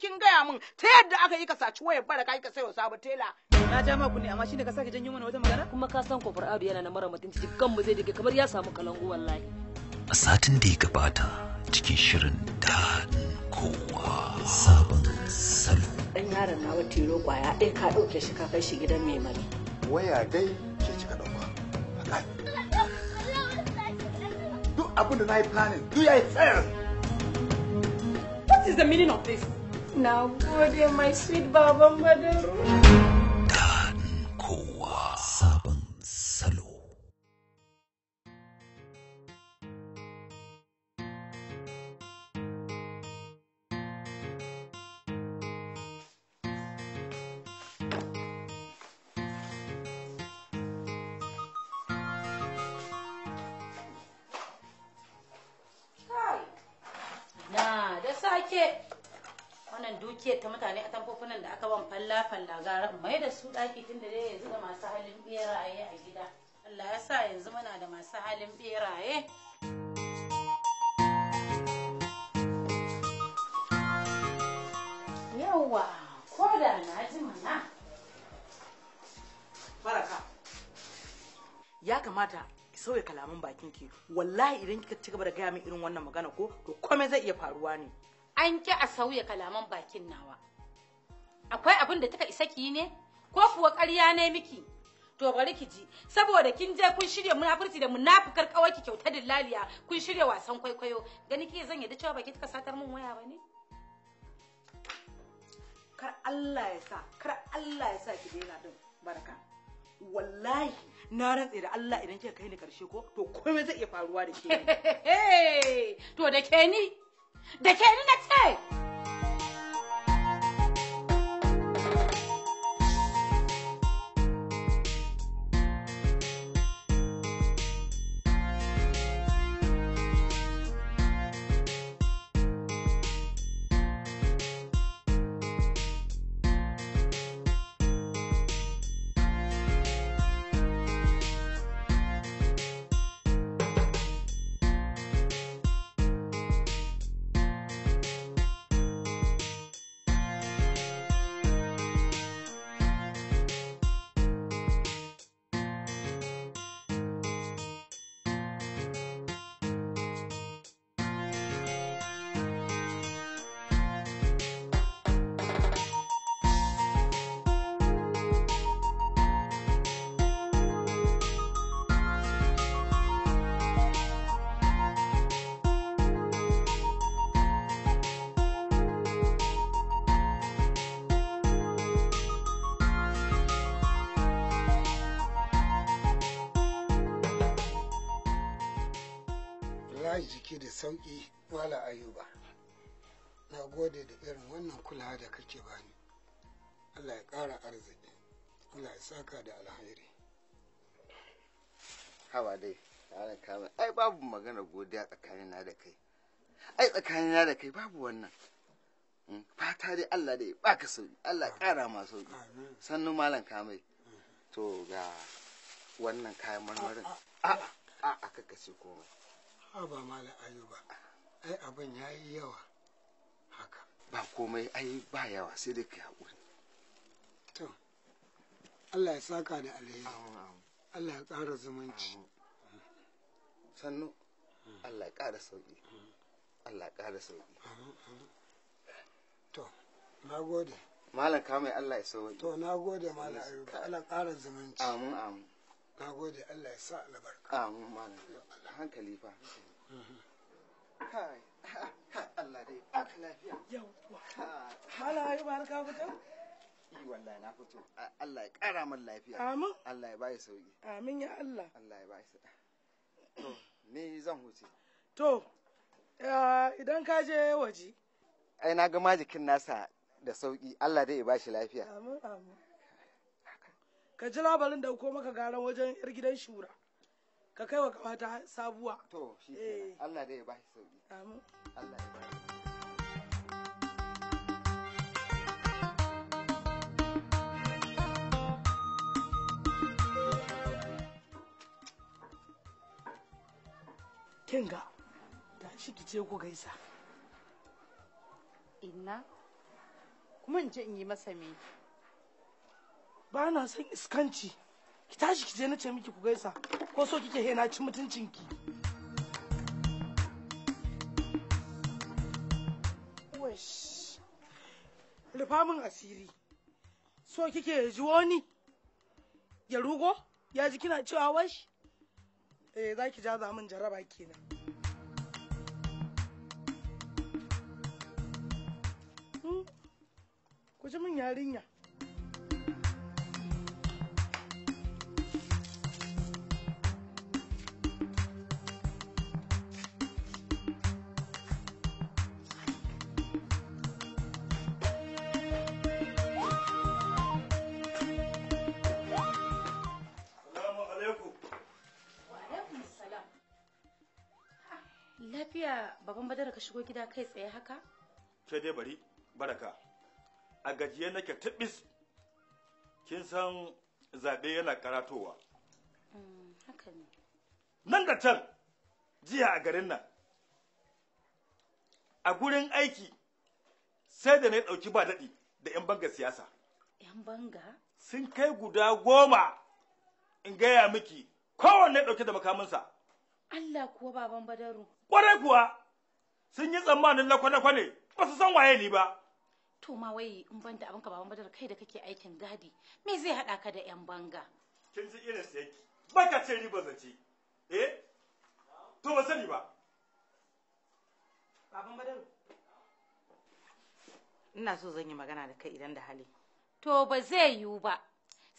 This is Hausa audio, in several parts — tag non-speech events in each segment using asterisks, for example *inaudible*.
kin gaya min ta yadda aka yi ka saci wayar bara ka yi ka sayo sabu tela na ja maku ne amma shine ka sake janyo mana wata magana kuma ka san kofar abu yana na mara mutunci kan mu zai dake kamar ya samu kalangu wallahi a satin da ya gabata cikin shirin da kowa sabon salo dan yaron nawa tiro kwaya ɗaya ka ɗauke shi ka kai shi gidan mai mali. waya dai ke cika ɗauka duk abin da na yi planning duk ya yi tsayar What is the meaning of this? Now, gode, my sweet Baban Badaru. mutane a tamfofinan da aka ban falla falla gara mai da su ɗaki tun da dai yanzu da masu halin beraye a gida Allah ya sa yanzu muna da masu halin beraye yawa ko da na ji mana baraka ya kamata ki sauya kalaman bakinki, wallahi idan kika ci gaba da gaya min irin wannan magana ko to komai zai iya faruwa ne an ki a sauya kalaman bakin nawa akwai abin da taka isa ki ne ko kuwa ƙarya ne miki to bari ki ji saboda kin je kun shirya munafurci da munafukar kawaki kyauta laliya kun shirya wasan kwaikwayo gani kike zan yadda cewa baki taka satar min waya bane kar Allah ya sa kar Allah ya sa ki daina din baraka wallahi na rantse da Allah idan kika kai ni karshe ko to komai zai iya faruwa da ke *laughs* to da ke ni da ke ni na ce tashi jiki da sauƙi wala ayuba na gode da irin wannan kulawa da kake bani allah ya ƙara arziki allah ya saka da alhairi hawa dai ana kama ai babu magana godiya tsakanina da kai ai tsakanina da kai babu wannan hmm, fata dai allah dai baka sauki allah ƙara ma sauki sannu malam kamai to ga wannan kayan marmarin a'a a'a kaka ce komai ba mala ayuba ai abin ya yi yawa haka ba komai ai ba yawa sai dai kai haƙuri to allah ya saka da alheri allah ya ƙara zumunci sannu hmm. allah ya ƙara sauƙi hmm. allah ya ƙara sauƙi to na gode malam kamai allah ya sauƙi to na gode malam ayuba allah ƙara zumunci amin amin na gode Allah ya sa albarka amin malam hankali fa Allah dai aka lafiya yawwa hala ya barka fito yi wallahi na fito Allah ya kara min lafiya amin Allah ya bai sauki amin ya Allah Allah ya bai sauki ne zan huce to idan ka je waje ai na ga majikin nasa da sauki Allah dai ya bashi lafiya amin amin ka ji labarin da ko maka garan wajen yar gidan shura ka kai wa kamata sabuwa to shi eh. Allah da ya shi sauki amin Allah ya ba kinga ta shi ki ce ku gaisa inna kuma in je in yi masa me ba na son iskanci ki tashi ki je na ce miki ku gaisa ko so kike hena ci mutuncin ki wesh rufa min asiri so kike ya ji wani ya rugo ya ji kina cewa wash eh za ki jaza min jaraba kenan hmm? ku ji min yarinya tafiya baban badara ka shigo gida kai tsaye haka? Ke dai bari, baraka. A gajiye nake tabbis. Kin san zaɓe yana karatowa. Mm, haka ne. Nan da can, jiya a garin nan. A gurin aiki sai da na ɗauki ba daɗi da 'yan banga siyasa. 'Yan banga? Sun kai guda goma in gaya miki kowanne ɗauke da makaminsa. Allah kuwa baban Badaru. Kwarai kuwa sun yi tsammanin lakwa-lakwa ne ba su san waye ni ba. To ma wai in ban da abinka baban Badaru kai da kake aikin gadi me zai haɗa ka da 'yan banga? Kin ji irin sai yake baka ce riba zace eh to ba sani ba. Baban Badaru. Ina so zan yi magana da kai idan da hali. To ba zai yiwu ba.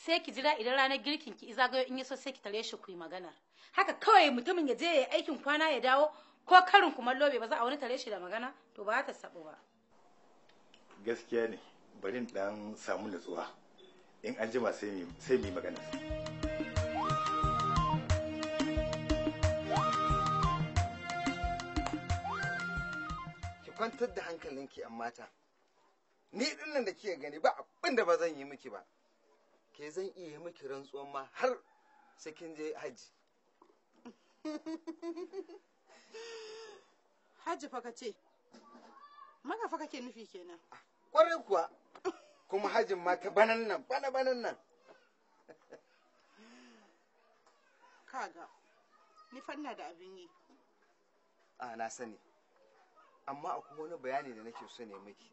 sai ki jira idan ranar girkin ki zagayo in yaso sai ki tare shi ku yi magana haka kawai mutumin ya je ya yi aikin kwana ya dawo ko karin kumallo bai ba za a wani tare shi da magana to ba ta sabu ba gaskiya ne barin dan samu nutsuwa in an jima sai mu yi magana ki kwantar da hankalinki amma mata ni nan da kike gani ba abin da ba zan yi miki ba ke eh, zan iya yi miki rantsuwan ma har sai kin je haji *laughs* haji fa kace maka fa kake nufi kenan ah, kwarai kuwa kuma hajin ma ta banan nan bana banan nan *laughs* kaga ni fanna da abin yi a na sani amma akwai wani bayani da nake so ne miki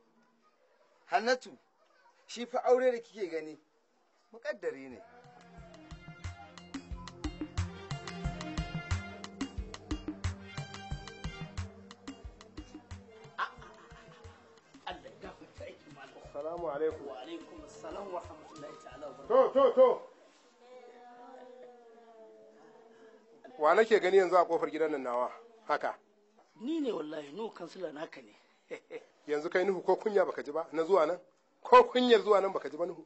hannatu shi fa aure da kike gani mukaddari ne Salamu alaikum. Wa alaikum salam wa rahmatullahi ta'ala wa To, to, to. Wa nake gani yanzu a kofar gidan nan nawa haka? Ni ne wallahi nu kansila naka ne. *laughs* Yanzu kai nuhu ko kunya baka ji ba na zuwa nan? Ko kunyar zuwa nan baka ji ba nuhu?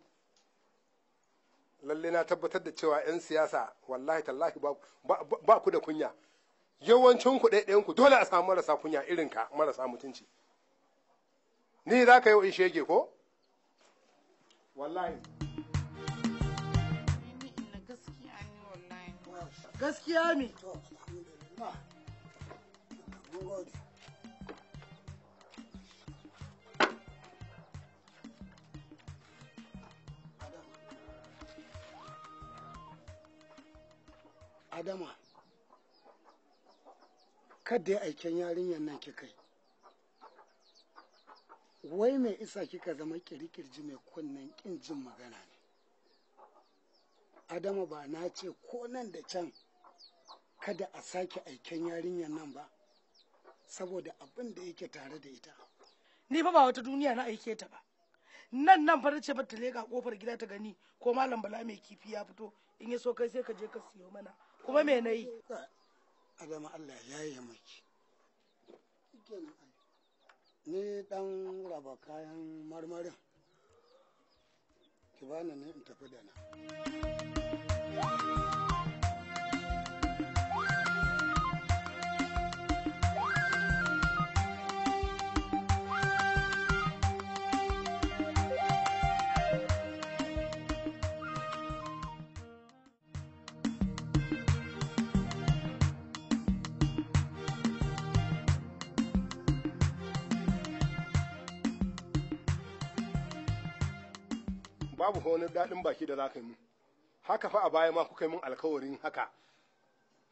lalle na tabbatar da cewa 'yan siyasa wallahi tallahi ba ku da kunya yawancin ku ku dole a samu marasa kunya irin ka marasa mutunci ni za ka yi wa shege ko wallahi gaskiya ne adama kada ya aiken yarinyar nan kika wai mai isa kika zama kirkirji mai kunnen kin jin magana ne adama ba na ce ko nan da can kada a sake aiken yarinyar nan ba saboda abin da yake tare da ita ni ba ba wata duniya na aike ta ba nan nan fara ce ba ta leka kofar gida ta gani ko malam bala mai kifi ya fito in ya so kai sai ka je ka siyo mana kuma me na yi adama Allah ya yi maki ni dan raba kayan marmarin ki bani ne in tafi da na babu fa wani daɗin baki da za ka yi mu haka fa a baya ma kuka yi min alkawarin haka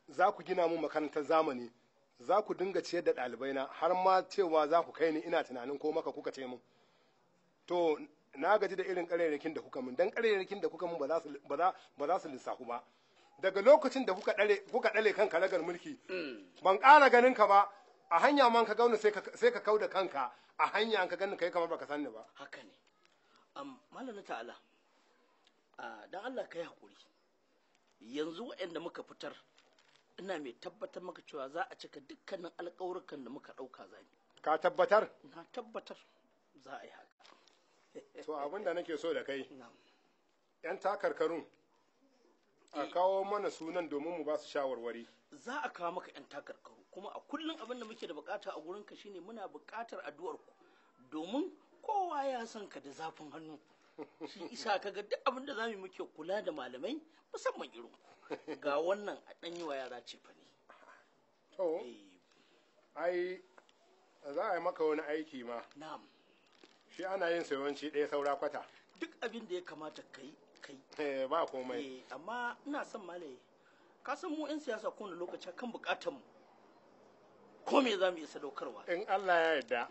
za ku gina mun makarantar zamani za ku dinga ciyar da ɗalibai na har ma cewa za ku kai ni ina tunanin ko maka kuka ce min to na gaji da irin ƙarerrakin da kuka min dan ƙarerrakin da kuka min ba za su lissafu ba daga lokacin da kuka ɗale kanka ragar mulki mm. ban ƙara ganin ka ba a hanya man ka gauna sai ka kau da kanka a hanya an ka ganin kai kamar baka sani ba haka ne am ta'ala a Allah ka yi hakuri yanzu waɗanda muka fitar ina mai tabbatar maka cewa za a cika dukkanin alƙawurkan da muka ɗauka za ka tabbatar na tabbatar za a yi haka *laughs* to abin da nake so da kai yan takarkarun a eh. kawo mana sunan domin mu ba su shawarwari za a kawo maka yan takarkaru kuma a kullum abin da muke da bukata a gurinka shine muna bukatar addu'arku ku domin kowa ya san ka da zafin hannu shi isa ka ga duk abin da zamu muke kula da malamai musamman irin ga wannan a dan yi wa yara ce fa ne to eh. ai za a yi maka wani aiki ma na'am shi ana yin sayawanci ɗaya saura kwata duk abin da ya kamata kai kai eh, ba komai eh, amma ina son malaye ka san mu 'yan siyasa kowane lokaci kan bukatar mu ko me za mu iya sadaukarwa in Allah ya yarda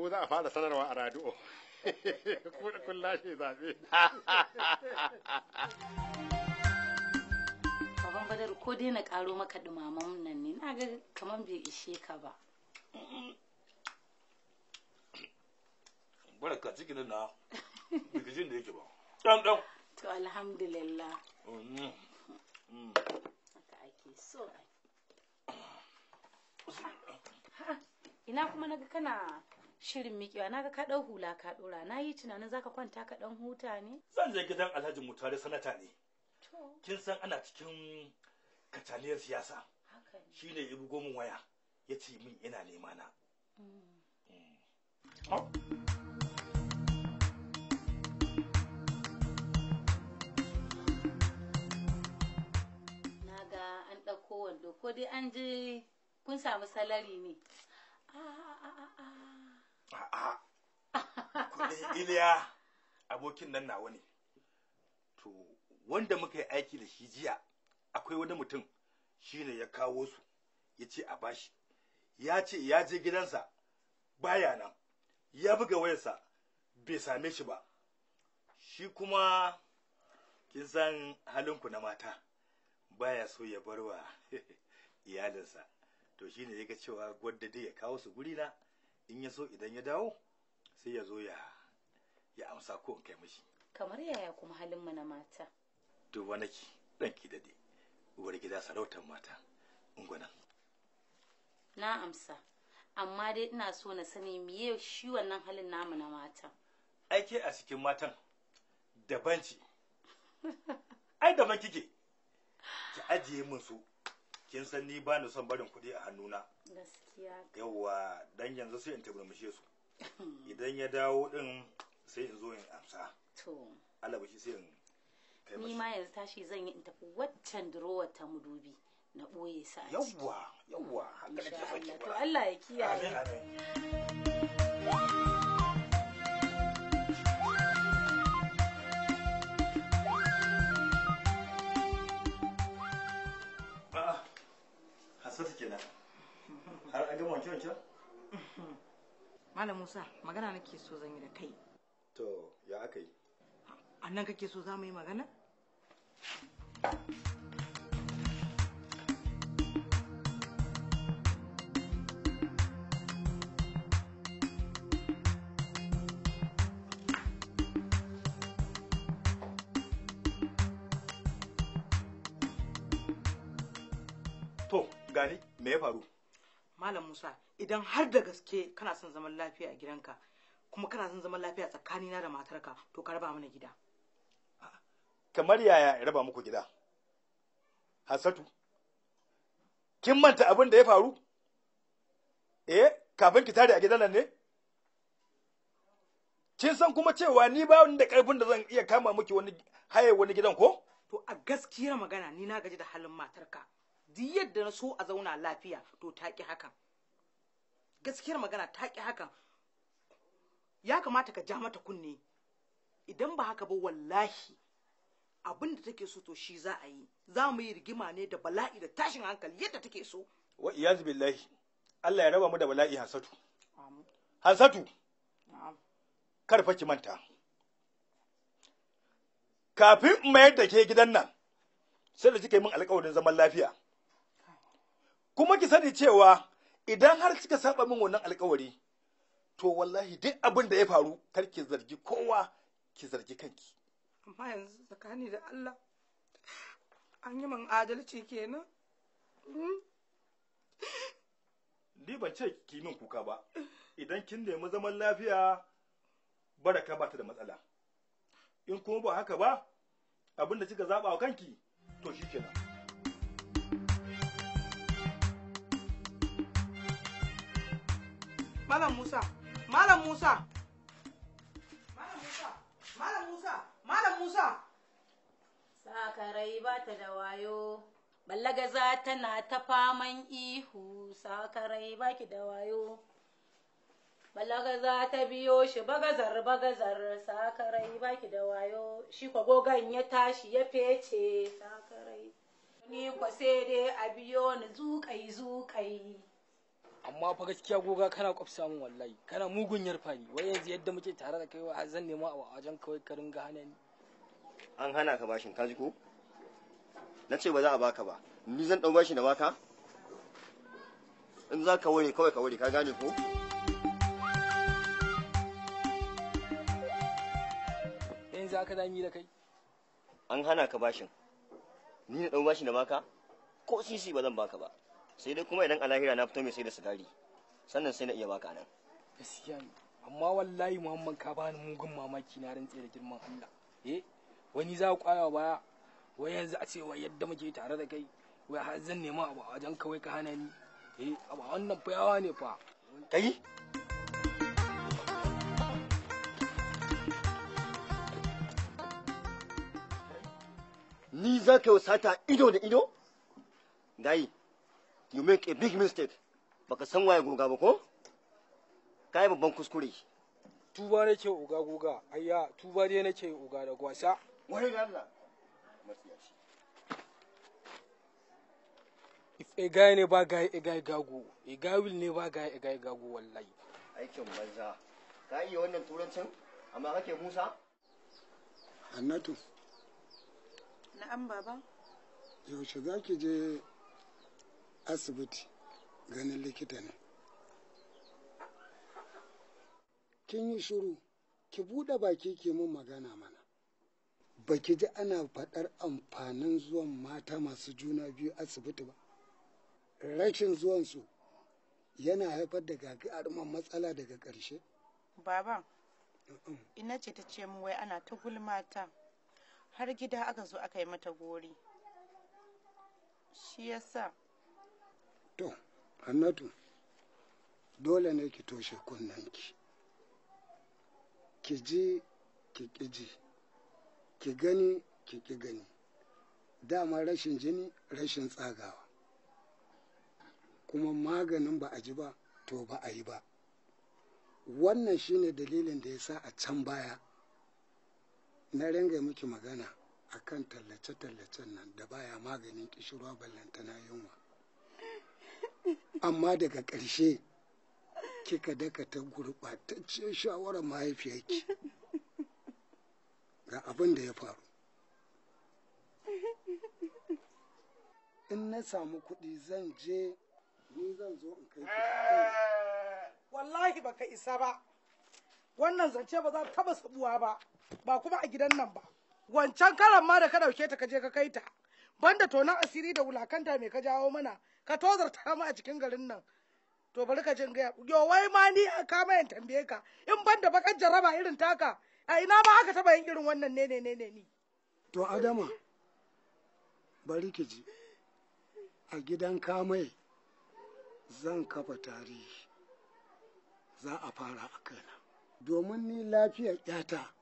ko za a fara sanarwa a radio *laughs* kun lashe zaɓe baban badar ko dai na ƙaro maka dumaman nan ne na ga kamar bai ishe ka ba ka ciki nan na bigijin da yake ba dan dan to alhamdulillah mm, mm, mm. haka ake so ina kuma naga kana shirin miƙewa na ga ka hula ka ɗora na yi tunanin zaka kwanta ka ɗan huta ne. Zan je gidan Alhaji Mutare sanata ne. Kin san ana cikin kataniyar siyasa. Shi ne ya bugo min waya ya ce min yana nema na. Mm. Oh. Na ga an ɗauko wando ko dai an je kun samu salari ne. Ah, ah, ah, A'a, kuɗin Iliya abokin nan nawa ne. To, wanda muka yi aiki da shi jiya, akwai wani mutum shi ne ya kawo su, ya ce a bashi. Ya ce ya je gidansa baya nan, ya buga wayarsa bai same shi ba. Shi kuma kin san halinku na mata, baya so ya barwa *laughs* iyalinsa. To shi ne ya ga cewa gwadda dai ya kawo su guri na. in ya so idan ya dawo sai ya zo ya ya amsa ko in kai mashi kamar yaya kuma halin mu na mata duba nake ɗanki dade uwar gida sarautar mata ungwana na amsa amma dai ina so na sani miye shi wannan halin namu na mata aike a cikin matan daban ce ai daban kike ki ajiye mun su kin san ni ba ni son barin kuɗi a hannuna gaskiya yawa dan yanzu sai in mushe su idan ya dawo din sai in zo in amsa to Allah shi sai in ni ma yanzu tashi zan yi in tafi waccan durowar ta mudubi na ɓoye sa yawwa yawwa haka da ke to Allah ya kiyaye amin amin har a gama wanke mhm. malam musa magana nake so zan yi da kai to ya aka yi a kake so za mu yi magana To, gani, me ya faru? malam musa idan har da gaske kana son zaman lafiya a gidanka kuma kana son zaman lafiya tsakanina da matarka to ka raba mana gida kamar yaya ya raba muku gida hasatu. kin manta abin da ya faru eh kafin ki tare a gidan nan ne kin san kuma cewa ni ba da karfin da zan iya kama miki wani haye wani gidan ko to a gaskiyar magana ni na gaji da halin matarka duk yadda na so a zauna lafiya to taƙi hakan gaskiyar magana taƙi haka hakan ya kamata ka ja mata kunne idan ba haka ba wallahi abin da take so to shi za a yi za mu yi rigima ne da bala'i da tashin hankali yadda take so wa iyaz billahi Allah ya raba mu da bala'i hasatu hasatu fa ki manta kafin mayar da ke gidan nan sai da kika min alƙawarin zaman lafiya kuma ki sani cewa idan har kika saba min wannan alkawari to wallahi duk abin da ya faru kar ki zargi kowa ki zargi kanki amma yanzu tsakani da Allah an yi min adalci kenan hmm? ni ban ce ki min kuka ba idan kin nemi zaman lafiya baraka ba ta da matsala in kuma ba haka ba abin da kika zaba wa kanki to shikenan Malam Musa, Malam Musa. Malam Musa, Malam Musa, Malam Musa. Sakarai ba ta da wayo. Ballagaza tana ta faman ihu, sakarai ba ki da wayo. za ta biyo shi bagazar bagazar, sakarai ba ki da wayo. Shi kwagogon ya tashi ya fece, sakarai. Ni kwa sai dai a biyo ni zuƙai zuƙai. amma fa gaskiya goga kana kwafsa samun wallahi kana mugun yarfa ni wai yanzu yadda muke tare da kai wa zan nemo a wajen kawai ka ringa hana ni an hana ka bashin ka ji ko na ce ba za a baka ba ni zan dau bashi na baka in za ka ware kawai ka ware ka gane ko yanzu aka dami da kai an hana ka bashin ni na dau bashi na baka ko sisi ba zan baka ba sai dai kuma idan a lahira na fito mai sai da sigari sannan sai na iya baka nan gaskiya ne amma wallahi muhammad ka bani mugun mamaki na rantse da girman allah eh wani za ku kwaya baya wai yanzu a ce wai yadda muke tare da kai wai har zan nema abu a wajen kawai ka hana ni eh abu wannan fa yawa ne fa kai ni za ka yi sata ido da ido? Dayi, you make a big mistake baka san waye goga ba ko kai babban kuskure tuba ce uga goga ayya tuba ne nake uga da gwasa wai ga Allah if a guy ne ba guy a guy gago a guy will ne ba guy a guy gago wallahi aikin banza ka yi wannan turancin amma kake Musa annatu na'am baba yaushe za ki je asibiti ganin likita ne kin yi shiru ki buɗe baki ke mun magana mana baki ji ana faɗar amfanin zuwan mata masu juna biyu asibiti ba rashin zuwansu yana haifar da gagarumin matsala daga ƙarshe baba ina ce ta ce wai ana ta gulmata har gida aka zo aka yi mata gori shi yasa to hannatu dole ne ki toshe kunnanki ki ji ki ƙiji ki gani ki ki gani dama rashin jini rashin tsagawa kuma maganin ba a ji ba to ba a yi ba wannan shine dalilin da ya sa a can baya na ringa miki magana akan tallace-tallacen nan da baya maganin kishirwa ballantana yunwa amma daga ƙarshe kika daka ta gurɓatacciyar shawarar mahaifiyarki ga abin da ya faru in na samu kuɗi zan je ni zan zo in kai wallahi baka isa ba wannan zance ba za ta taba sabuwa ba ba kuma a gidan nan ba wancan karan ma da ka ɗauke ta ka je ka kai ta banda tonan asiri da wulakanta mai ka jawo mana ka tozarta mu a cikin garin nan to bari ka jin gaya yo wai ma ni a kama yin tambaye ka in ban da bakar jaraba irin taka a ina ma aka taba yin irin wannan ne ne ne ne ni to adama bari ki ji a gidan kamai zan kafa tarihi za a fara a kaina domin ni lafiyar yata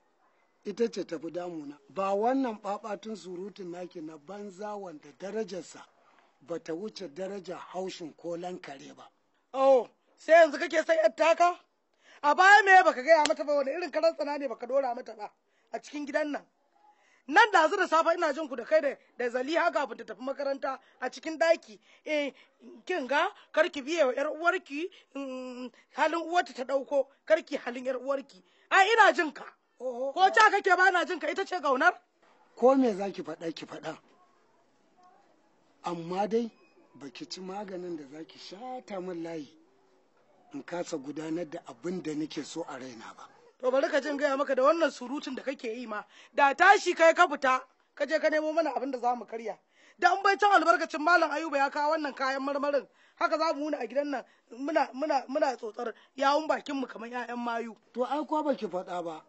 ita ce tafi damuna ba wannan babatun surutun naki na banza wanda darajarsa ba ta wuce daraja haushin ko lankare ba. Oh, sai yanzu kake sai yar taka? A baya me baka gaya mata ba wani irin karan tsana ne baka dora mata ba a cikin gidan nan. Nan da da safe ina jin ku da kai da zaliha kafin ta tafi makaranta a cikin daki. Eh, kin ga karki biya wa yar uwarki mm, halin uwarta ta dauko karki halin yar uwarki. Ai ina jin ka. Ko ta kake ba na jin ka ita ce gaunar? Ko me zaki faɗa ki faɗa? amma dai baki ci maganin da zaki shata min layi in kasa gudanar da abin da nake so a raina ba to bari ka jin gaya maka da wannan surutun da kake yi ma da tashi kai ka fita ka je ka nemo mana abin da za mu karya da an bai can albarkacin malam ayuba ya kawo wannan kayan marmarin haka za mu wuni a gidan nan muna muna muna tsotsar yawun bakin mu kamar 'ya'yan mayu to ai ko baki faɗa ba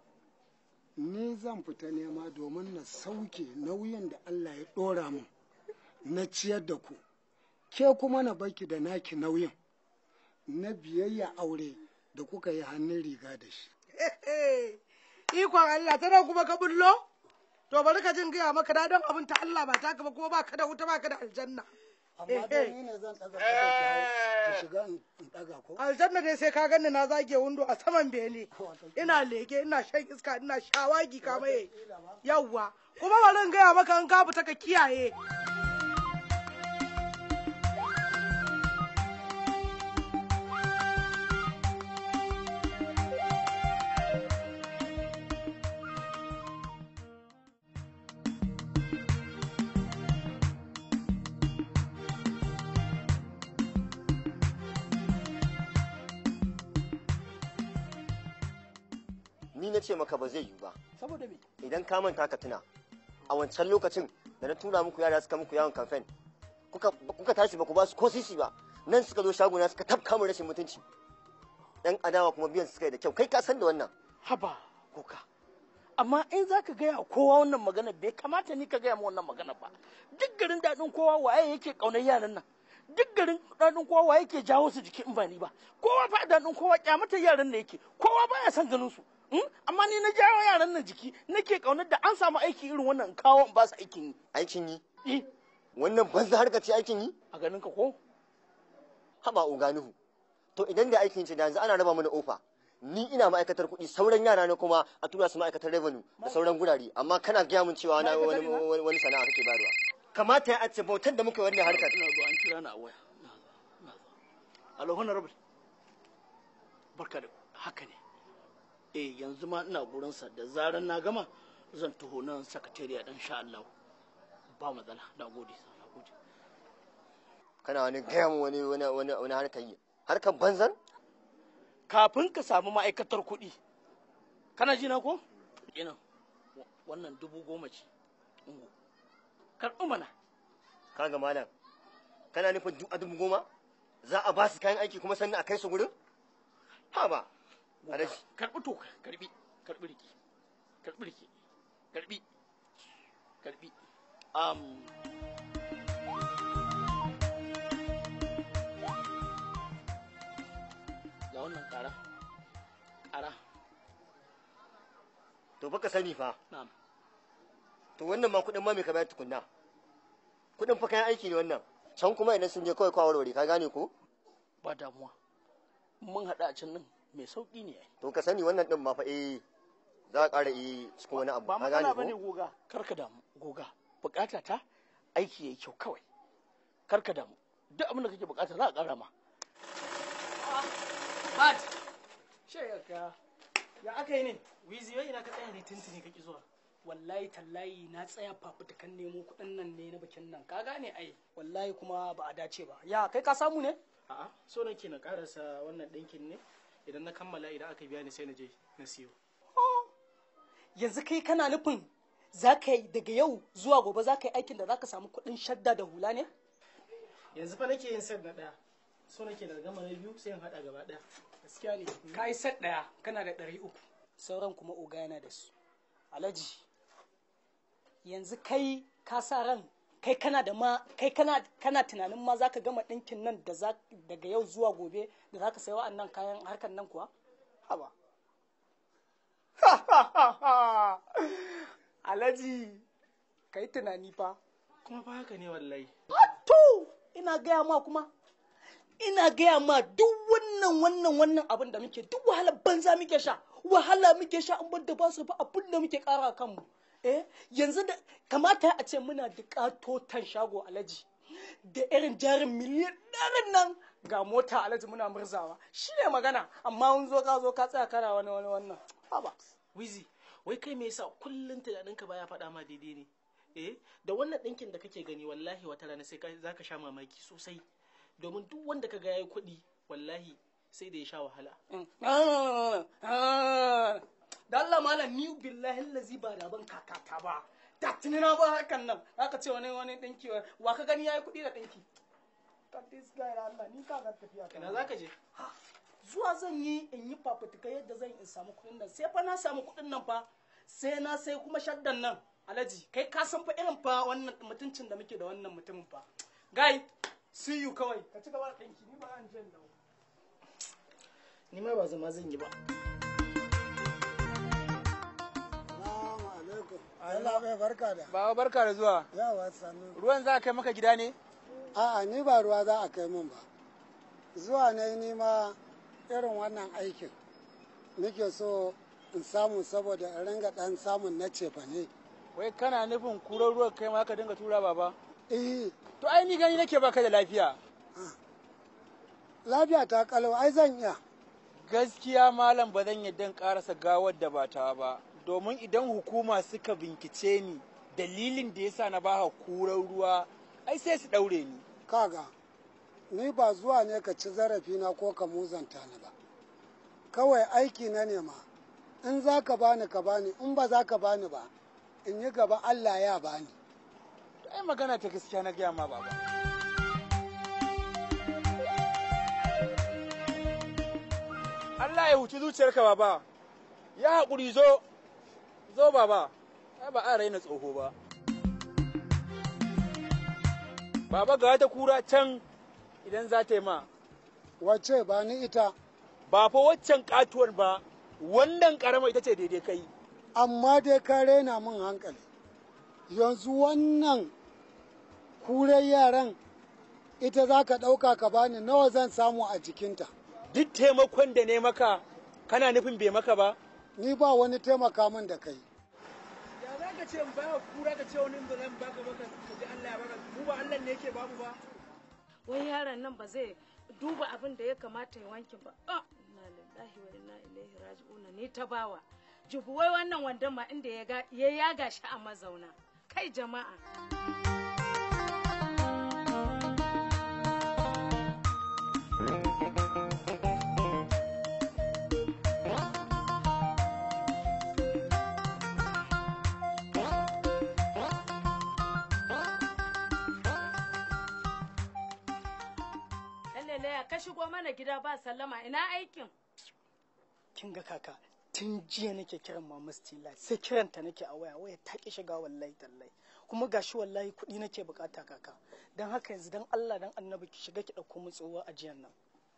ni zan fita nema domin na sauke nauyin da Allah ya ɗora mun na ciyar da ku ke kuma na baki da naki nauyin na biyayya aure da kuka yi hannun riga da shi ikon Allah ta nan kuma ka bullo to bari ka jin gaya maka daɗin abin ta Allah ba ta ba kuma ba ka da wuta ba ka da aljanna eh, eh. ne aljanna dai sai ka ganni na zage wundu a saman bene ina leke ina shan iska ina shawagi kamaye yawwa kuma bari in gaya maka in ka fita ka kiyaye ce maka ba zai yiwu ba saboda me idan ka manta ka tuna a wancan lokacin da na tura muku yara suka muku yawon kamfen kuka tashi ba ku ba su ko sisi ba nan suka zo shaguna suka tafka mu rashin mutunci dan adawa kuma biyan suka yi da kyau kai ka san da wannan haba kuka amma in za ka gaya kowa wannan magana bai kamata ni ka gaya ma wannan magana ba duk garin daɗin kowa waye yake ƙaunar yaran nan duk garin daɗin kowa waye yake jawo su jiki in ba ni ba kowa fa daɗin kowa ƙyamatar yaran ne yake kowa baya son ganin su Hmm? amma ni na jawo yaran nan jiki nake kaunar da an samu aiki irin wannan kawo ba su aikin yi aikin yi eh. wannan banza harka ce aikin yi a ganin ka ko haba uganihu to idan da aikin ce da yanzu ana raba mana ofa ni ina ma'aikatar kuɗi sauran yara ne kuma a tura su ma'aikatar revenue da sauran gurare amma kana gaya mun cewa na wani sana'a kake bayarwa kamata ya ce bautar da muka wannan harkar ina zo an kira na a waya alhamdulillah barka da haka ne eh yanzu ma ina gurinsa da zarar na gama zan taho nan sakatariya dan sha Allah ba matsala na gode gode kana wani gaya mu wani wani wani wani harkar yi harkar banzan kafin ka samu ma'aikatar kuɗi kana ji na ko ina wannan dubu goma ce karɓi mana kaga malam kana nufin a dubu goma za a ba su kayan aiki kuma sannan a kai su gurin ha ba a rashi karbi to karbi karbi riki karbi riki karbi karbi um ga wannan kara kara to baka sani fa na'am to wannan ma kudin ma me ka bayar tukunna kudin fa kayan aiki ne wannan can kuma idan sun je kawai kawai warware ka gane ko ba damuwa mun hada a can nan mai sauki ne to ka sani wannan din ma fa eh za ka ƙara yi eh, cikin wani abu ba magana bane goga karka damu goga bukata ta aiki yayi kyau kawai karka damu duk abin da kake bukata za a ƙara ma bad shekaka, ya aka yi ne? Wizi wai ina ka tsaya ne tintini kake zuwa. wallahi tallahi na tsaya fafutukan nemo kuɗin nan ne na bakin nan ka gane ai wallahi kuma ba a dace ba ya kai ka samu ne a'a so nake na karasa wannan ɗinkin ne idan na kammala idan aka biya ni sai na je na siyo oh, yanzu kai kana nufin za ka yi daga yau zuwa gobe za ka yi aikin da za ka samu kuɗin shadda da hula ne yanzu fa nake yin set na ɗaya so nake da gama na biyu sai in haɗa gaba ɗaya gaskiya ne hmm. ka yi set ɗaya kana da ɗari uku sauran kuma oga yana da su alhaji yanzu kai ka sa ran kai kana da ma kai kana kana tunanin ma zaka gama ɗinkin nan da daga yau zuwa gobe da zaka sayi wa'annan kayan harkan nan kuwa haba *laughs* alhaji kai tunani fa kuma ba haka ne wallahi to ina gaya ma kuma ina gaya ma duk wannan wannan wannan abin da muke duk wahalar banza muke sha wahala muke sha an bar da ba su ba abin da muke kara kanmu eh yanzu da kamata a ce muna da katotan shago alaji da irin jarin miliyan ɗarin nan ga mota alaji muna murzawa shi ne magana amma wani zo ka zo ka tsaya kana wani wani wannan haba wizi wai kai mai yasa kullun tunaninka baya faɗa ma daidai ne eh da wannan ɗinkin da kake gani wallahi wata rana sai za ka sha mamaki sosai domin duk wanda ka ga yayi kuɗi wallahi sai da ya sha wahala mm. ah, ah. da Allah malam ni billahi allazi ba da ban kakata ba da tuni ba hakan nan aka ce wani wani dinki wa ka gani yayi kudi da dinki ka this guy da Allah ni ka ga tafiya kana zaka je ha zuwa zan yi in yi fafutuka yadda zan in samu kuɗin nan sai fa na samu kuɗin nan fa sai na sai kuma shaddan nan alaji kai ka san fa irin fa wannan mutuncin da muke da wannan mutumin fa guy see you kawai ka ci gaba da dinki ni ba zan je ni ma ba zama zan yi ba alaikum. Allah bai barka da. Baba barka da zuwa. Yawa sannu. Ruwan za a kai maka gida ne? A'a ni ba ruwa za a kai min ba. Zuwa ne ni ma irin wannan aikin. nike so in samu saboda in ringa dan samun na ne. Wai kana nufin kurar ruwa kai ma ka dinga tura baba? Eh. To ai ni gani nake baka da lafiya. Ah. Lafiya ta kalau ai zan iya. Gaskiya malam ba zan yadda in karasa gawar da ba ta ba. domin idan hukuma suka bincike ni dalilin da yasa na ba kuran ruwa ai sai su ɗaure ni kaga ni ba zuwa ne ka ci zarafi na ko ka muzanta ni ba kawai aiki na nema in za ka bani ka bani in ba za ka bani ba in yi gaba allah ya bani ai magana ta gaskiya na gaya ma baba allah ya huci zuciyarka baba ya haƙuri zo zo ba ba a raina tsoho ba baba ga ta kura can idan za ta yi ma wace ba ni ita ba fa waccan katuwar ba wannan karama ita ce daidai kai amma dai ka raina min hankali yanzu wannan kurai yaran ita za ka ɗauka ka bani nawa zan samu a jikinta duk taimakon da ne maka kana nufin bai maka ba ni ba wani taimaka min da kai ya za ka ce ba kura ka ce wani ba zan baka baka ka ji Allah ya baka mu ba Allah ne yake babu ba wai yaron nan ba zai duba abin da ya kamata ya wanke ba ah inna lillahi wa inna ilaihi raji'un ni ta bawa jibu wai wannan wandon ma inda ya ya yaga shi a mazauna kai jama'a thank you ne na ka shigo mana gida ba sallama ina aikin kin ga kaka tun jiya nake kiran mama stila sai kiranta nake a waya waya ta ki shiga wallahi tallahi kuma gashi wallahi kuɗi nake bukata kaka don haka yanzu don Allah don annabi ki shiga ki ɗauko mu tsowa a jiyan nan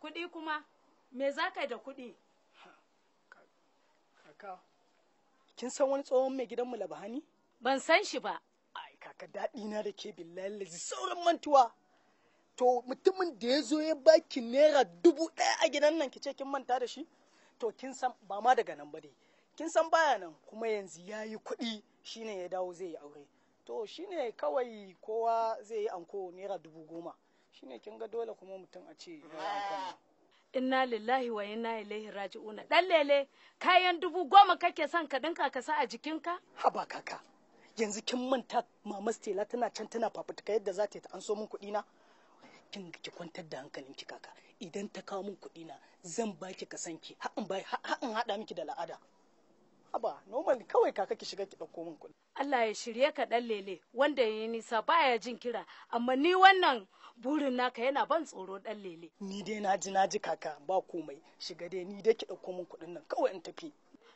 kuɗi kuma me za ka da kuɗi kaka kin san wani tsohon mai gidan mu labahani ban san shi ba ai kaka daɗi na da ke billahi sauran mantuwa to mutumin da ya zo ya baki naira dubu ɗaya a gidan nan kice kin manta da shi to kin san ba ma daga nan ba dai kin san baya nan kuma yanzu ya yi kuɗi shine ya dawo zai yi aure to shine kawai kowa zai yi anko naira dubu goma shine kin ga dole kuma mutum a ce inna lillahi wa inna ilaihi raji'un dan lele kayan dubu goma kake son ka dinka ka sa a jikinka haba kaka yanzu kin manta mama stela tana can tana fafutuka yadda za ta yi ta an so min kuɗi na kin ki kwantar da hankalin ki kaka idan ta kawo min kuɗi na zan baki ka san ki har in haɗa miki da la'ada haba normal kawai kaka ki shiga ki ɗauko min kuɗi Allah ya shirye ka ɗan lele wanda ya nisa baya jin kira amma ni wannan burin naka yana ban tsoro dan lele ni dai na ji na ji kaka ba komai shiga dai ni dai ki ɗauko min kuɗin nan kawai in tafi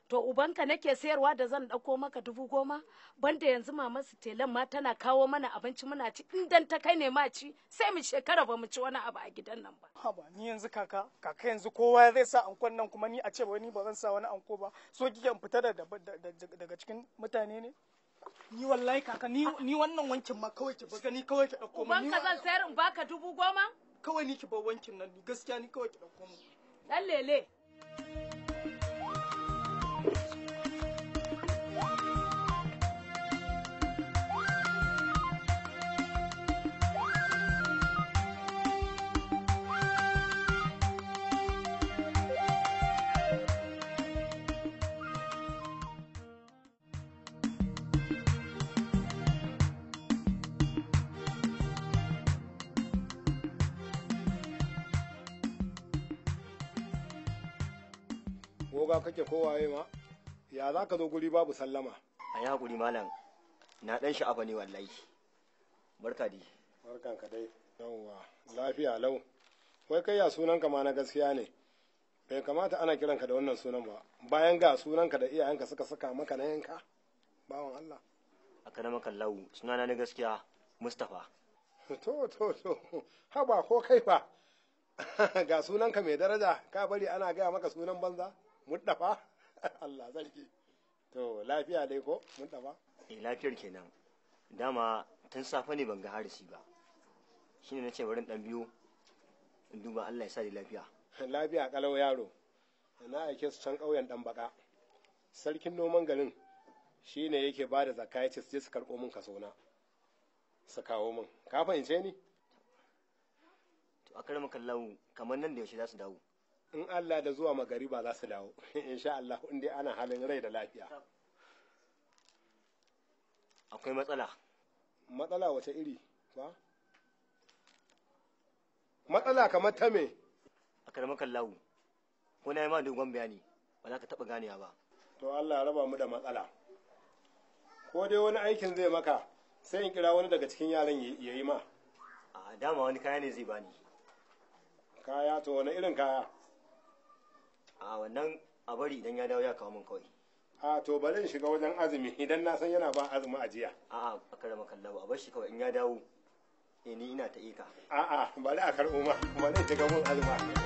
to ubanka nake sayarwa da zan dauko maka dubu goma banda yanzu mama su telan ma tana kawo mana abinci muna ci in dan ta kai ne ma ci sai mu shekara ba mu ci wani abu a gidan nan ba haba ni yanzu kaka kaka yanzu kowa zai sa ankon nan kuma ni a ce wani ba zan sa wani anko ba so kike in fita daga cikin mutane ne ni wallahi kaka ni wannan wankin ma kawai ki baka ni kawai ki dauko mun ka zan sayar in baka dubu goma kawai ni ki ba wankin nan gaskiya ni kawai ki dauko mun dan lele ba kake kowaye ma ya za ka zo guri babu sallama a yi haƙuri malam na ɗan sha'afa ne wallahi barka di barkan ka dai yawwa lafiya lau wai kai ya ka ma na gaskiya ne bai kamata ana kiranka da wannan sunan ba bayan ga sunan ka da iyayenka suka saka maka na yanka bawan Allah a kana maka lau sunana na gaskiya Mustapha *laughs* to to to haba ko kai ba *laughs* ga sunanka mai daraja ka bari ana gaya maka sunan banza dafa? *laughs* Allah sarki to lafiya dai ko dafa? eh lafiyar kenan dama tun safe ne ban ga harisi ba shine nace bari dan biyo in duba Allah ya sa lafiya *laughs* lafiya kalau yaro na aike su can ƙauyen dan baka sarkin noman garin shine yake ba da zakka ya ce su je su karɓo min kaso na su kawo min ka fahimce ni to a karama kallahu kamar nan da yaushe za su dawo in Allah da zuwa Magari ba za su dawo *laughs* insha Allah in dai ana halin rai da lafiya akwai matsala matsala wace iri ba matsala kamar ta me a karmakan lawu ko na yi ma dogon bayani ba za ka taɓa ganiya ba to Allah raba mu da matsala ko dai wani aikin zai maka sai in kira wani daga cikin yaran ya yi ma a dama wani kaya ne zai bani kaya to wani irin kaya a wannan a bari idan ya dawo ya kawo min kawai a to ba zan shiga wajen azumi idan na san yana ba azumi a jiya. a a karama kallawa a bar shi kawai in ya dawo eh ni ina ta ika a a bari a karɓo ma zan shiga mun azumi a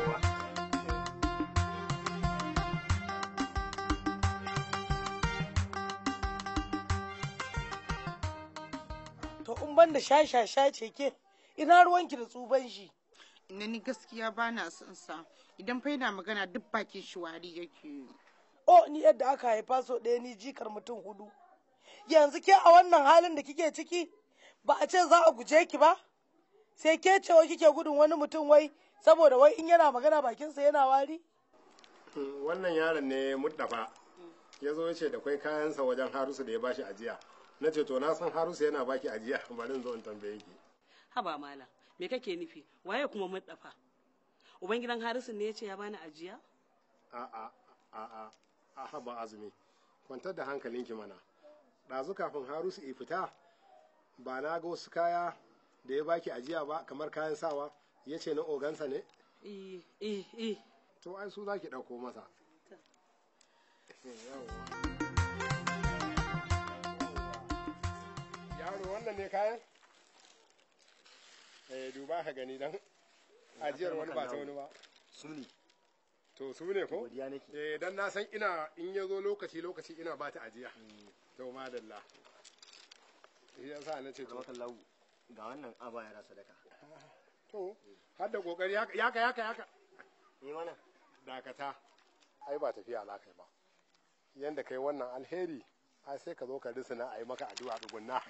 kowa to in ban da shashasha ce ke ina ruwanki da tsuban shi na ni gaskiya ba na son sa idan fa yana magana duk bakin shi wari yake o ni yadda aka haifa so ɗaya ni jikar mutum hudu yanzu ke a wannan halin da kike ciki ba a ce za a guje ki ba sai ke cewa kike gudun wani mutum wai saboda wai in yana magana bakinsa yana wari hmm, wannan yaron ne muddafa ya zo ce da kayan kayansa wajen harusu da ya bashi ajiya na ce to na san harusu yana baki ajiya *laughs* bari in zo in tambaye ki haba malam me kake nufi waye kuma muddafa ubangidan harisun ne ya ce ya bani ajiya a'a a'a a haba azumi kwantar da hankalinki mana ɗazu kafin harusu i fita ba na ga wasu kaya da ya baki ajiya ba kamar kayan sawa ya ce na ogansa ne to ai su za ki ɗauko masa eh, yaro wannan ne kayan eh duba ka gani dan ajiyar wani ba ta wani ba su ne to su ne ko eh dan na san ina in ya zo lokaci lokaci ina ba ta ajiya mm. to madalla ya sa na ce to ga wannan aba ya sadaka *laughs* to har da kokari yaka yaka yaka ni mana dakata ai ba tafiya na kai ba yanda kai wannan alheri ai sai ka zo ka risina a yi maka addu'a dugunna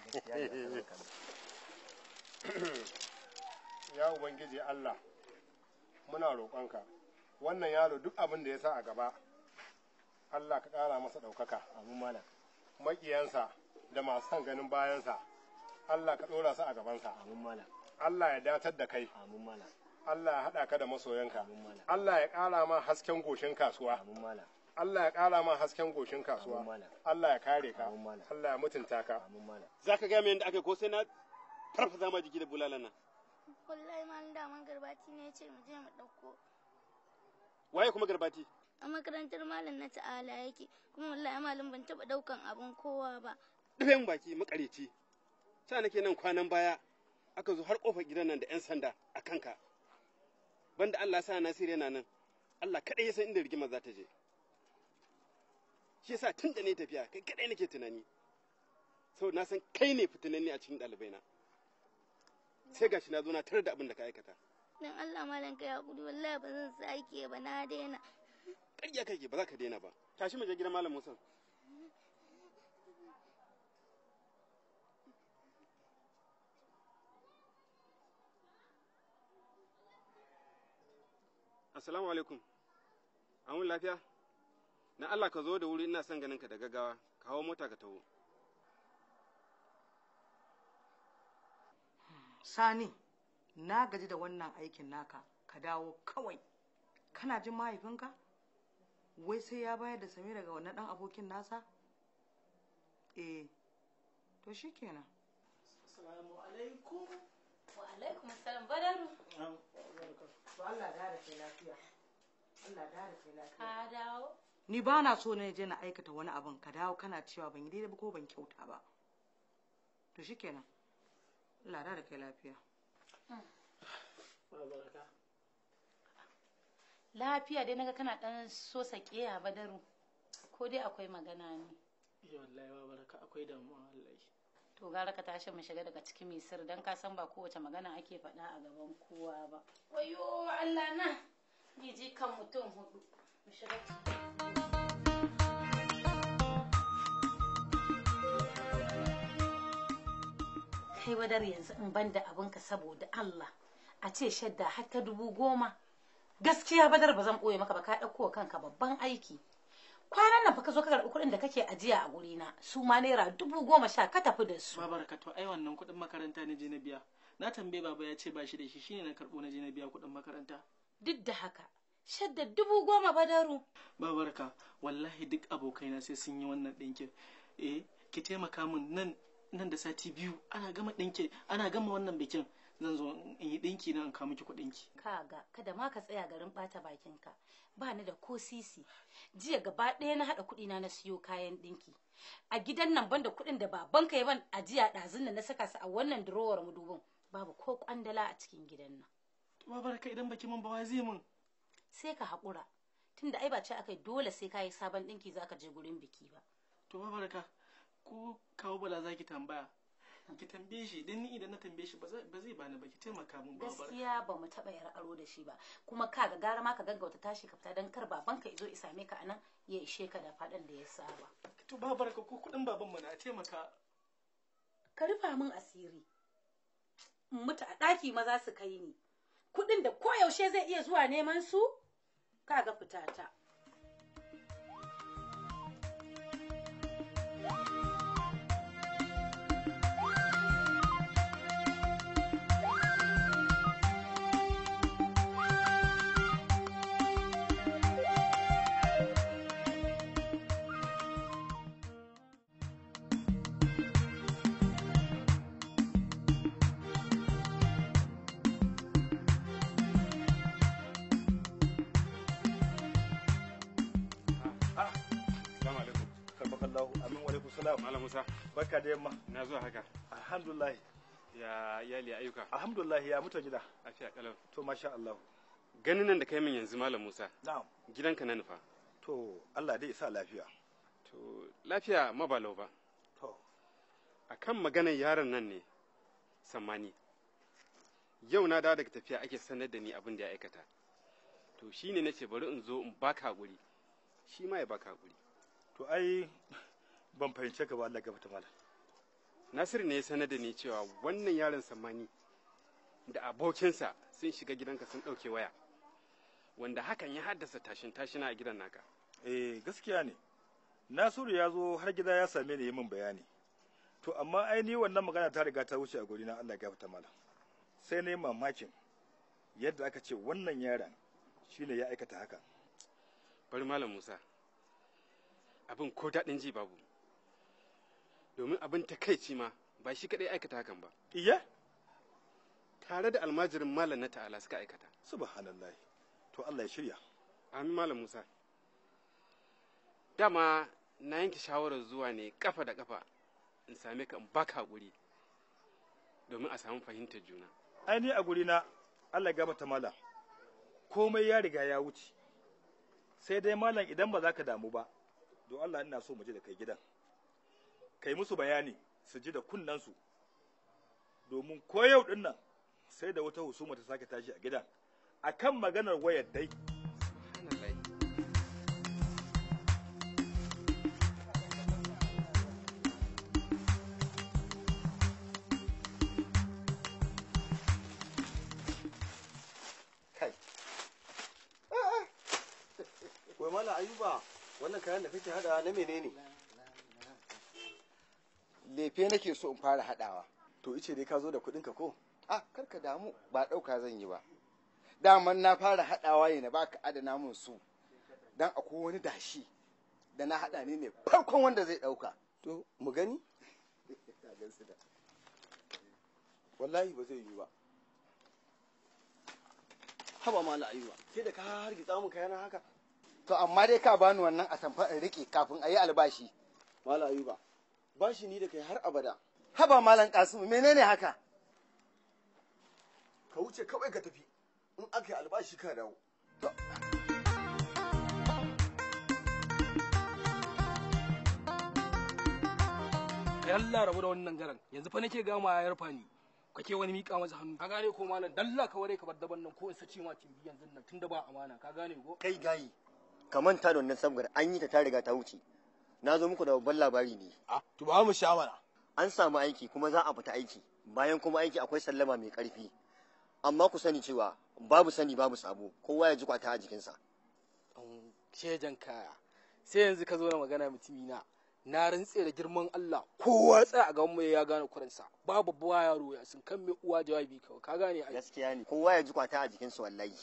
*laughs* ya ubangiji Allah muna roƙonka wannan yaro duk abin da ya sa a gaba Allah ka ƙara masa ɗaukaka abin mana maƙiyansa da masu son ganin bayansa Allah ka ɗora su a gabansa Allah ya datar da kai Allah ya haɗa ka da masoyanka Allah ya ƙara ma hasken goshin kasuwa Allah ya ƙara ma hasken goshin kasuwa Allah ya kare ka Allah ya mutunta ka za ka gaya min yadda ake ko sai na farfasa ma jiki da bulalana wallahi malam daman garbati ne ya ce mu je mu dauko. waye kuma garbati a makarantar malam na ta'ala yake kuma wallahi malam ban taɓa ɗaukan abin kowa ba ɗufen baki makareci sa nake nan kwanan baya aka zo har kofar gidan nan da 'yan sanda a kanka banda Allah sa Nasiru yana nan Allah kadai ya san inda rigimar za ta je shi yasa tun da ne tafiya kai kaɗai nake tunani sau na san kai ne fitinanni a cikin na. sai gashi na zo na tar da abin da ka aikata dan Allah malam ka gudu wallahi ba zan sake ba na daina ƙarya kake ba za ka daina ba tashi mu je gidan malam Musa Assalamu alaikum. An lafiya? Na Allah ka zo da wuri ina son ganin ka da gaggawa, kawo mota ka tawo. sani na gaji da wannan aikin naka ka dawo kawai kana jin mahaifinka wai sai ya bayar da sami daga wannan dan abokin nasa eh to shikenan assalamu alaikum wa alaikum assalam badaru to Allah da kai lafiya Allah da kai lafiya ka dawo ni ba na so ne je na aikata wani abin ka dawo kana cewa ban yi daidai ba ko ban kyauta ba to shikenan Allah da kai lafiya. Lafiya dai naga kana dan so sake ya badaru. Ko dai akwai magana ne. Iya eh, wallahi ba baraka akwai damuwa wallahi. To gara ka tashi mu shiga daga cikin misir don ka san ba kowace magana ake faɗa a gaban kowa ba. Wayo Allah na. Jiji kan mutum hudu. Mu shiga cikin kai badar yanzu in ban da abinka saboda Allah a ce shadda har ta dubu goma gaskiya badar ba zan ɓoye maka ba ka ɗauko kanka babban aiki kwanan nan fa ka zo ka karɓi kuɗin da kake ajiya a guri na su ma naira dubu goma sha ka tafi da su. Babar to ai wannan kuɗin makaranta na je na biya na tambaye baba ya ce ba shi da shi shine na karɓo na je na biya kuɗin makaranta. Duk da haka shadda dubu goma badaru. Babar wallahi duk abokaina sai sun yi wannan ɗinkin eh ki taimaka min nan nan da sati biyu ana gama dinki ana gama wannan bikin zan zo in yi dinki nan ka miki kuɗin ki kaga kada ma ka tsaya garin bata bakin ka ba ni da ko sisi jiya gaba ɗaya na haɗa kuɗi na na siyo kayan dinki a gidan nan banda kuɗin da baban ka ban a jiya ɗazun nan na saka su a wannan durowar mu dubin babu ko kwandala a cikin gidan nan to barka idan baki mun ba zai mun sai ka haƙura tunda ai ba ce akai dole sai ka yi sabon ɗinki za ka je gurin biki ba to barka ko kawo bala za ki tambaya ki tambaye shi dan ni idan na tambaye shi ba zai bani ba ki taimaka mun ba gaskiya ba mu taba yar aro da shi ba kuma ka ga gara ma ka gaggauta tashi ka fita dan kar baban ka izo isa me ka anan ya ishe ka da fadan da ya saba to ba barka ko kudin baban mu na taimaka ka rufa min asiri mutu a daki maza su kai ni kudin da koyaushe zai iya zuwa neman su ka ga fitata thank you salam malam musa barka da yamma na haka alhamdulillah ya iyali ayyuka alhamdulillah ya mutan gida afiya kalau to masha Allah ganin nan da kai min yanzu malam musa na'am gidanka na nufa to Allah dai sa lafiya to lafiya ba ba to akan maganar yaron nan ne sammani yau na dawo daga tafiya ake sanar da ni abin da ya aikata to shine nace bari in zo in baka guri shi ma ya baka guri to ai ban fahimci ka ba Allah ta malam Nasiru ne ya sanar da ni cewa wannan yaron samani da abokinsa sun shiga gidanka sun ɗauke waya wanda hakan ya haddasa tashin tashina a gidan naka eh gaskiya ne Nasiru ya zo har gida ya same ni min bayani to amma ainihi wannan magana ta riga ta wuce a gurina Allah ta malam sai na yi mamakin yadda aka ce wannan yaron shine ya aikata haka bari malam Musa abin ko daɗin ji babu domin abin ta kai ma ba shi kadai aikata hakan ba iya tare da almajirin malam na ta'ala suka aikata subhanallah to Allah ya shirya amin malam Musa dama na yanke shawarar zuwa ne kafa da kafa in same ka in baka guri domin a samu fahimtar juna ainihi a guri na Allah gaba ta malam komai ya riga ya wuce sai dai malam idan ba za ka damu ba don Allah ina so mu je da kai gidan kai musu bayani su ji da su domin ko yau din nan sai da wata husuma ta sake tashi a gidan akan maganar wayar dai ah, ah. Wai mala ayuba wannan kayan da kake hada na menene? lefe nake so in fara hadawa. to ice dai ka zo da kuɗinka ko a karka damu ba ɗauka zan yi ba daman na fara hadawa ne na baka adana mun su dan akwai wani dashi da na hada ne ne farkon wanda zai ɗauka to mu gani *laughs* wallahi ba zai yi ba haba ma la'ayuwa sai da ka hargitsa mun na haka to amma dai ka bani wannan a tamfa in rike kafin a yi albashi mala ayuba ba shi ni da kai har abada haba malam kasimu menene haka ka wuce kawai ka tafi in aka yi albashi ka dawo yalla rabu da wannan garan yanzu fa nake ga ma yarfa fani ni kake wani mika masa hannu ka gane ko malam dalla ka ware ka bar daban nan ko in sace ma kin biyan nan tunda ba amana ka gane ko kai gayi ka manta da wannan sabgar an yi ta ta riga ta wuce na zo muku da babban labari ne a to ba mu sha an samu aiki kuma za a fita aiki bayan kuma aiki akwai sallama mai karfi amma ku sani cewa babu sani babu sabo kowa ya ji kwata a jikinsa shejan kaya sai yanzu ka zo na magana mutumi na na rantse da girman Allah kowa tsaya a gaban ya gane kuransa babu buwa yaro ya sun kan mai uwa jawabi kawai ka gane gaskiya ne kowa ya ji kwata a jikinsa wallahi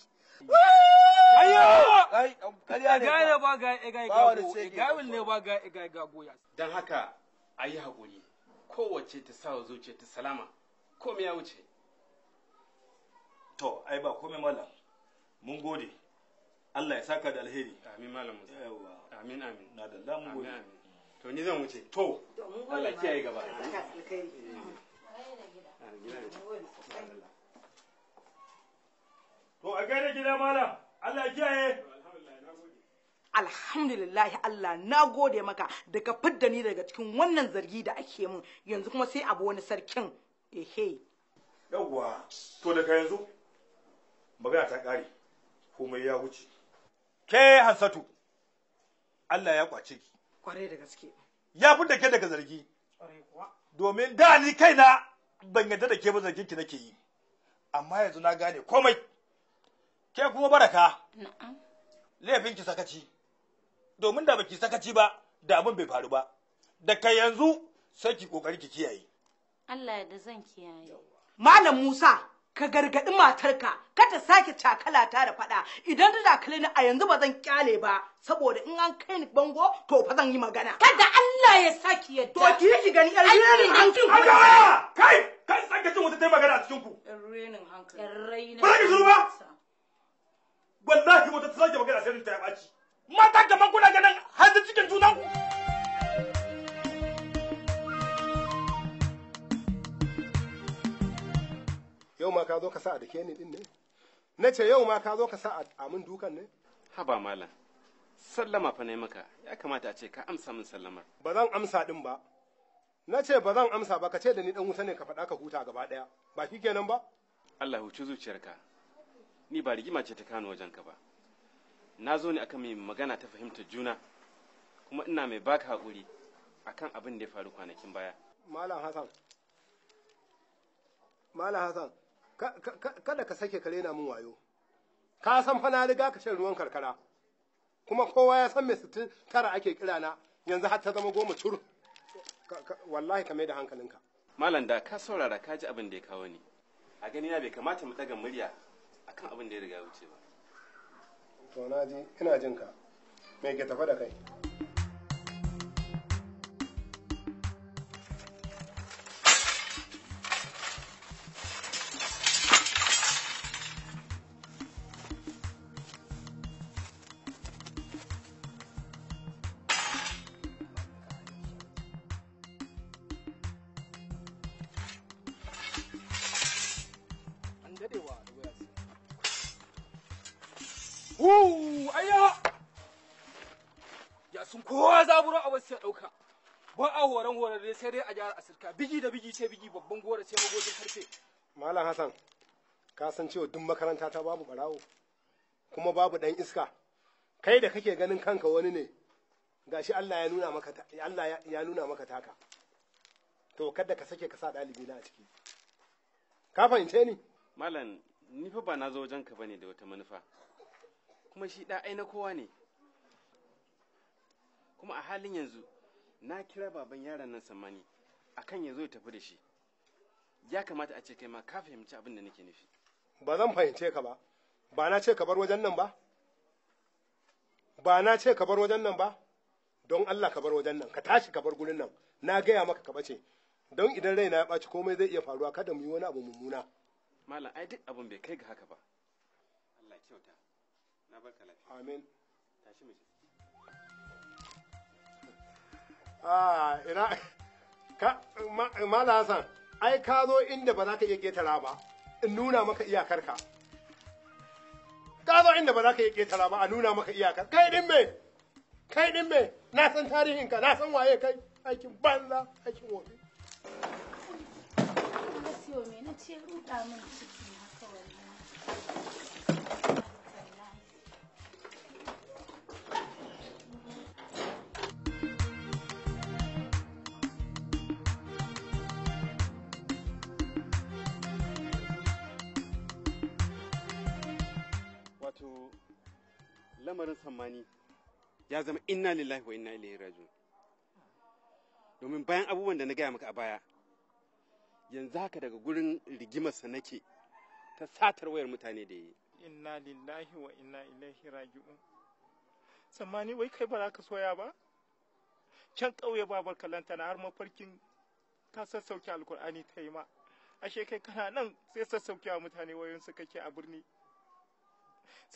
Ayyo! Um, Kariya ne. Gane ba ga iga gago. Gawin ne ba ga eh, Dan haka a yi haƙuri. Kowace ta sa zuciya ta salama. Komai ya wuce. To, ai ba komai malam. Mun gode. Allah ya saka da alheri. Amin malam Musa. Amin amin. Na da lamun gode. To ni zan wuce. To. Allah kiyaye gaba. Amin. To a gaida gida malam, Allah kiyaye. Alhamdulillah Allah na gode maka daga fidda ni daga cikin wannan zargi da ake min yanzu kuma sai abu wani sarkin ehe. Yawwa, to daga yanzu magana ta ƙare, komai ya wuce. Ke Hansatu, Allah ya kwace ki. Kwarai da gaske. Ya fidda ke daga zargi. kuwa. Domin da ni kaina ban yadda da ke ba zargin ki nake yi. Amma yanzu na gane komai. Ke kuma baraka. Laifin ki sakaci. Domin da baki sakaci ba, da abin bai faru ba. Daga yanzu sai ki kokari ki kiyaye. Allah da zan kiyaye. Malam Musa, ka gargaɗi matarka, kada sake takala ta da faɗa. Idan ta cakale ni a yanzu ba zan kyale ba, saboda in an kai ni bango to fa zan yi magana. Kada Allah ya saki yadda. To ki ki gani yar renin hankali. Kai, kai sake cin wata ta magana a cikin ku. Yar renin hankali. Yar renin. Ba ki ba. wallahi wata ta zage magana sai ta ya baci mata ga kuna ganin hanzar cikin junan ku yau ma ka zo ka sa a dake ni din ne na ce yau ma ka zo ka sa a mun dukan ne haba malam sallama fa ne maka ya kamata a ce ka amsa min sallamar ba zan amsa din ba na ce ba zan amsa ba ka ce da ni dan wuta ne ka faɗa ka huta gaba ɗaya ba shi kenan ba Allah huci zuciyarka ni ba rigima ce ta kano wajen ka ba na zo ne akan mai magana ta fahimta juna kuma ina mai baka haƙuri akan abin da ya faru kwanakin baya malam hasan malam hasan kada ka sake kare na min wayo ka san fa na riga ka shan ruwan karkara kuma kowa ya san mai sittin tara ake kira na yanzu har ta zama goma cur wallahi ka mai da hankalinka malam da ka saurara ka ji abin da ya kawo ni a gani na bai kamata mu ɗaga murya akan abin da ya riga ya wuce ba to na ji ina jinka me ke tafe da kai bigi da bigi ce bigi babban gora ce magojin karfe malam hassan ka san cewa duk makaranta ta babu barawo kuma babu dan iska kai da kake ganin kanka wani ne gashi Allah ya nuna maka Allah ya nuna maka taka to kada ka sake ka sa dalibi na a ciki ka fahimce ni malam ni fa ba na zo wajenka bane da wata manufa kuma shi da na kowa ne kuma a halin yanzu na kira baban yaran nan samani akan ya zo ya tafi da shi ya kamata a ce kai ma ka fahimci abin da nake nufi ba zan fahimce ka ba ba na ce ka bar wajen nan ba ba na ce ka bar wajen nan ba don Allah ka bar wajen nan ka tashi ka bar gurin nan na gaya maka ka bace don idan raina ya ɓaci komai zai iya faruwa kada mu yi wani abu mummuna malam ai duk abin bai kai ga haka ba Allah kyauta na barka lafiya amin tashi mu ah ina Mala Hassan, ai ka zo inda ba za ka iya ƙetara ba, in nuna maka iyakarka. Ka zo inda ba za ka iya ƙetara ba, a nuna maka iyakar. Kai ɗin me? Kai ɗin me? Na san ka na san waye kai, aikin banza, aikin wofi. Na ce wato lamarin sammani ya zama inna lillahi wa inna ilaihi rajiun domin bayan abubuwan da na gaya maka a baya yanzu haka daga gurin rigimarsa nake ta satar wayar mutane da yi inna lillahi wa inna ilaihi raji'un sammani wai kai ba za ka soya ba can ƙauye babar kalanta na har mafarkin ka sassauke alkur'ani ta yi ma ashe kai kana nan sai sassauke wa mutane wayoyin su kake a birni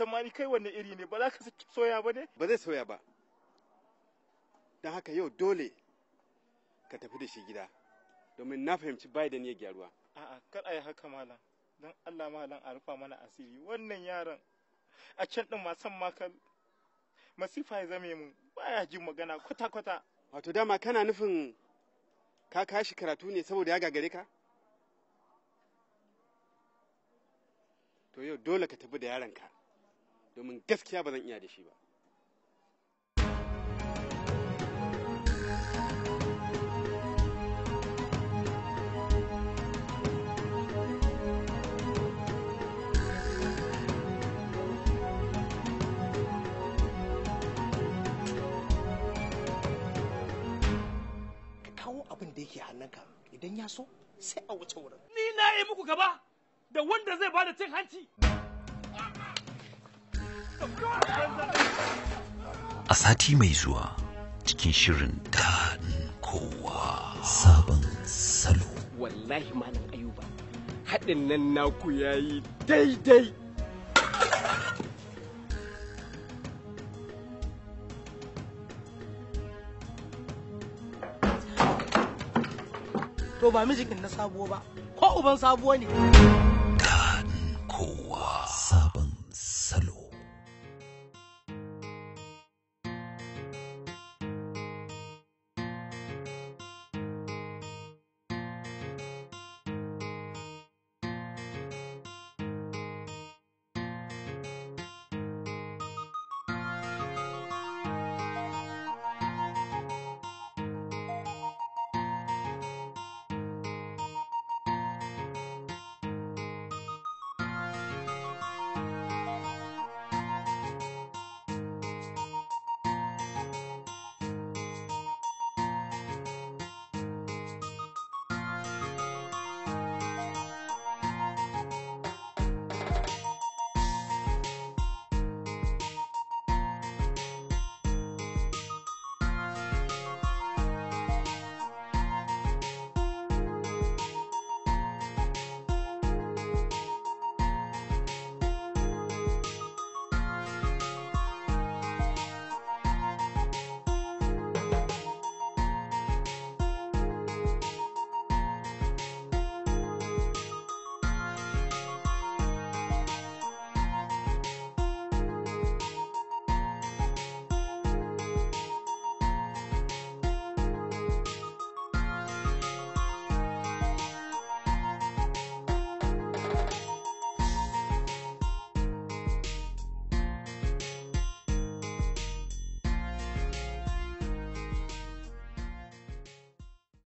samari kai wanne iri ne ba za ka soya ba ne ba zai soya ba don haka yau dole ka tafi da shi gida domin na fahimci biden ya gyaruwa a'a kar a yi haka malam don Allah malam a rufa mana asiri wannan yaron a can din ma san masifa ya zame mu baya jin magana kwata kwata wato dama kana nufin ka kashi karatu ne saboda ya gagare ka to yau dole ka tafi da yaronka domin gaskiya ba zan iya da shi ba da yake hannunka idan ya so sai a wuce wurin. Ni na yi muku gaba da wanda zai bada cin hanci. A sati mai zuwa cikin shirin daɗin kowa. Sabon salo. Wallahi malam ayuba, haɗin nan naku yayi daidai. to ba mijin na sabuwa ba ko uban sabuwa ne. Daɗin kowa sabon salo.